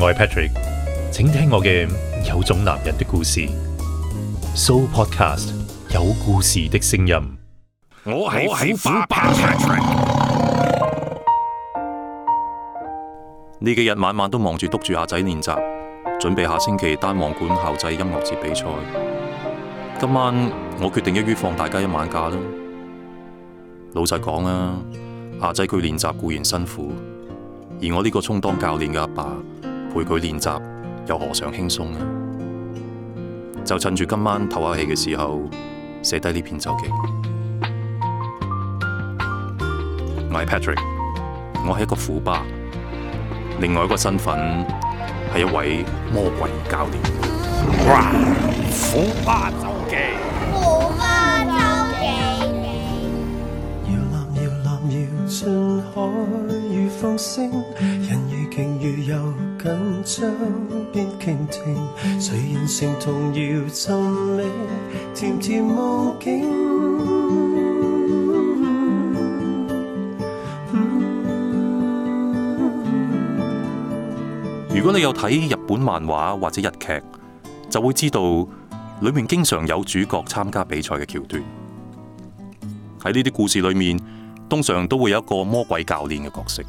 我係 Patrick，請聽我嘅有種男人的故事。So Podcast 有故事的聲音。我喺我喺小巴 Patrick。呢幾日晚晚都忙住督住阿仔練習，準備下星期單簧管校際音樂節比賽。今晚我決定，一於放大家一晚假啦。老實講啊，阿仔佢練習固然辛苦，而我呢個充當教練嘅阿爸，爸，陪佢練習，又何嘗輕鬆呢？就趁住今晚唞下氣嘅時候，寫低呢篇周記。我係 Patrick，我係一個虎巴，另外一個身份係一位魔鬼教練。虎巴周記，虎巴周記，搖籃搖籃搖盡海與風聲，人如鯨如遊。緊張變誰人成同要甜甜夢境。嗯嗯、如果你有睇日本漫畫或者日劇，就會知道裏面經常有主角參加比賽嘅橋段。喺呢啲故事裏面，通常都會有一個魔鬼教練嘅角色。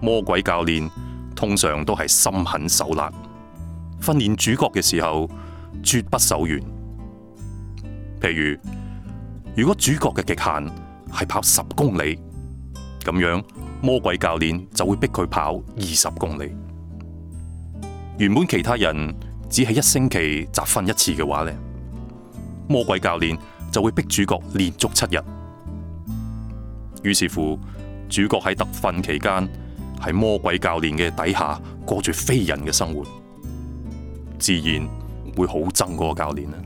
魔鬼教練。通常都係心狠手辣，訓練主角嘅時候絕不手軟。譬如，如果主角嘅極限係跑十公里，咁樣魔鬼教練就會逼佢跑二十公里。原本其他人只係一星期集訓一次嘅話呢，魔鬼教練就會逼主角連續七日。於是乎，主角喺特訓期間。喺魔鬼教練嘅底下過住非人嘅生活，自然會好憎嗰個教練啦。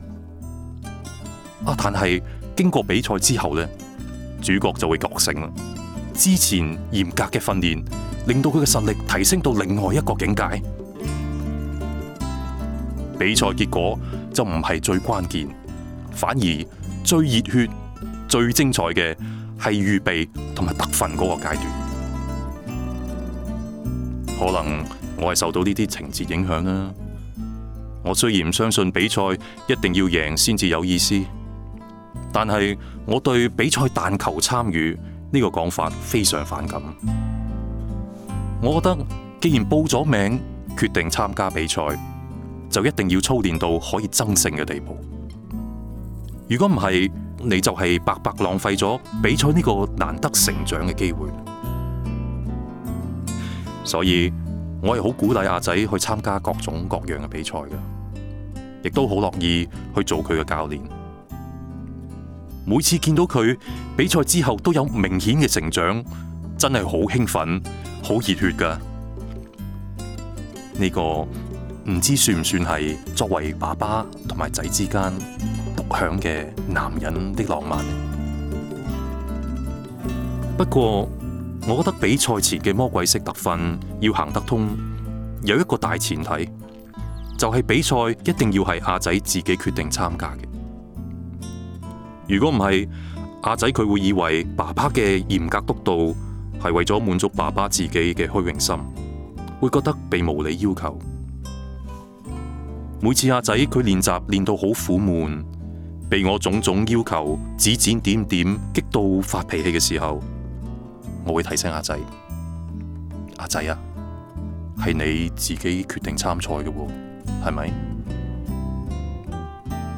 啊，但係經過比賽之後咧，主角就會覺醒啦。之前嚴格嘅訓練令到佢嘅實力提升到另外一個境界。比賽結果就唔係最關鍵，反而最熱血、最精彩嘅係預備同埋特訓嗰個階段。可能我係受到呢啲情節影響啦。我雖然唔相信比賽一定要贏先至有意思，但係我對「比賽但求參與」呢個講法非常反感。我覺得既然報咗名，決定參加比賽，就一定要操練到可以爭勝嘅地步。如果唔係，你就係白白浪費咗比賽呢個難得成長嘅機會。所以我係好鼓勵阿仔去參加各種各樣嘅比賽嘅，亦都好樂意去做佢嘅教練。每次見到佢比賽之後都有明顯嘅成長，真係好興奮、好熱血噶。呢、這個唔知算唔算係作為爸爸同埋仔之間獨享嘅男人的浪漫？不過。我覺得比賽前嘅魔鬼式特訓要行得通，有一個大前提，就係比賽一定要係阿仔自己決定參加嘅。如果唔係，阿仔佢會以為爸爸嘅嚴格督導係為咗滿足爸爸自己嘅虛榮心，會覺得被無理要求。每次阿仔佢練習練到好苦悶，被我種種要求指指點點，激到發脾氣嘅時候。我會提醒阿仔，阿仔啊，係你自己決定參賽嘅喎，係咪？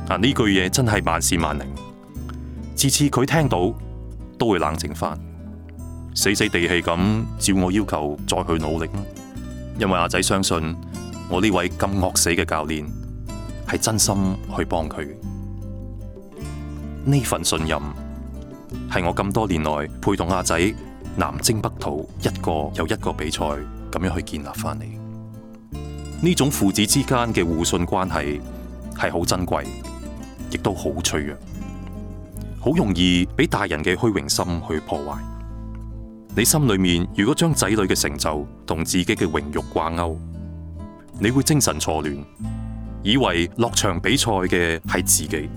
嗱，呢句嘢真係萬試萬靈，次次佢聽到都會冷靜翻，死死地氣咁照我要求再去努力。因為阿仔相信我呢位咁惡死嘅教練係真心去幫佢，呢份信任係我咁多年來陪同阿仔。南征北討，一個又一個比賽咁樣去建立翻嚟呢種父子之間嘅互信關係係好珍貴，亦都好脆弱，好容易俾大人嘅虛榮心去破壞。你心裏面如果將仔女嘅成就同自己嘅榮辱掛鈎，你會精神錯亂，以為落場比賽嘅係自己，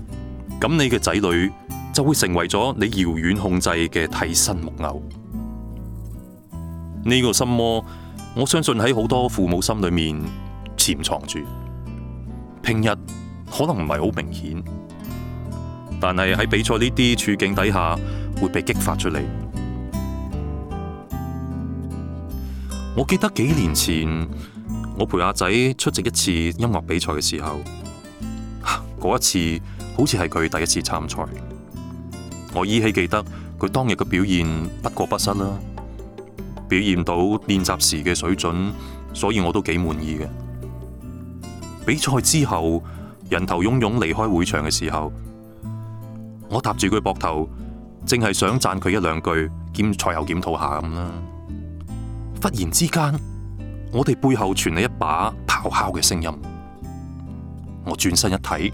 咁你嘅仔女就會成為咗你遙遠控制嘅替身木偶。呢個心魔，我相信喺好多父母心裏面潛藏住。平日可能唔係好明顯，但係喺比賽呢啲處境底下會被激發出嚟。我記得幾年前我陪阿仔出席一次音樂比賽嘅時候，嗰一次好似係佢第一次參賽。我依稀記得佢當日嘅表現，不過不失啦。表現到練習時嘅水準，所以我都幾滿意嘅。比賽之後，人頭湧湧離開會場嘅時候，我搭住佢膊頭，淨係想讚佢一兩句，兼賽後檢討下咁啦。忽然之間，我哋背後傳嚟一把咆哮嘅聲音，我轉身一睇，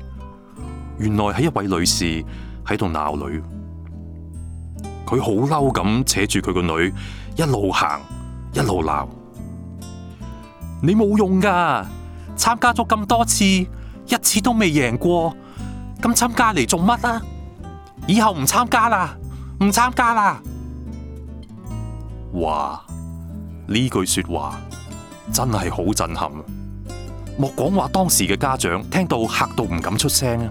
原來係一位女士喺度鬧女，佢好嬲咁扯住佢個女。一路行，一路鬧，你冇用㗎！參加咗咁多次，一次都未贏過，咁參加嚟做乜啊？以後唔參加啦，唔參加啦！哇，呢句說話真係好震撼。莫講話當時嘅家長聽到嚇到唔敢出聲啊！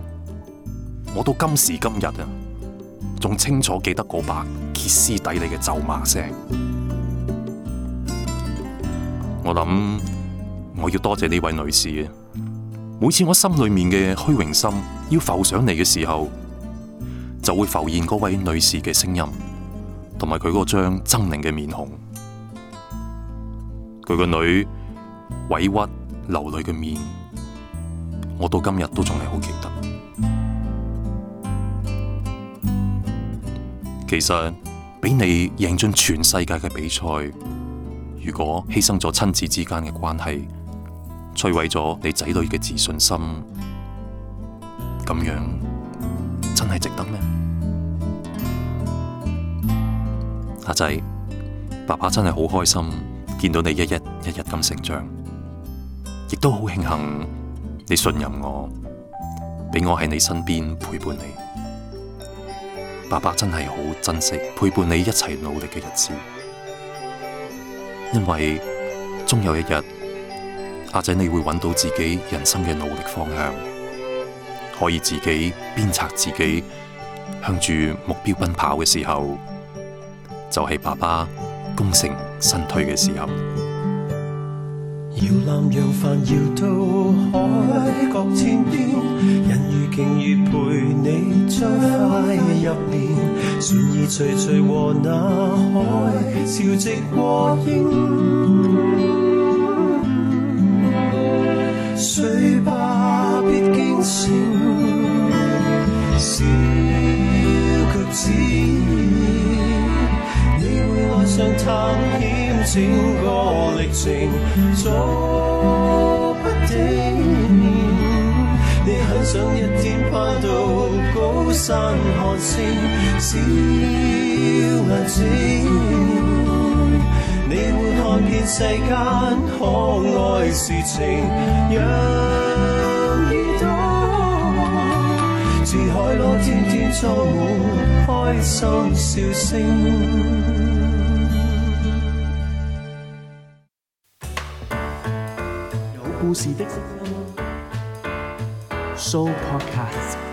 我到今時今日啊，仲清楚記得嗰把歇斯底裡嘅咒罵聲。咁，我要多謝呢位女士嘅。每次我心裏面嘅虛榮心要浮上嚟嘅時候，就會浮現嗰位女士嘅聲音，同埋佢嗰張猙獰嘅面孔。佢個女委屈流淚嘅面，我到今日都仲係好記得。其實俾你贏盡全世界嘅比賽，如果犧牲咗親子之間嘅關係，摧毀咗你仔女嘅自信心，咁樣真係值得咩？阿仔，爸爸真係好開心，見到你一日一日咁成長，亦都好慶幸你信任我，俾我喺你身邊陪伴你。爸爸真係好珍惜陪伴你一齊努力嘅日子。因為終有一日，阿仔你會揾到自己人生嘅努力方向，可以自己鞭策自己，向住目標奔跑嘅時候，就係爸爸功成身退嘅時候。將快入眠，船兒徐徐和那海潮汐過應。睡吧，別驚醒，小腳趾，你會愛上探險整個歷程，坐不定。你很想一天趴到。高山寒星，小眼睛。你會看遍世間可愛事情，讓耳朵似海浪天天充滿開心笑聲。有故事的聲音。Show podcast。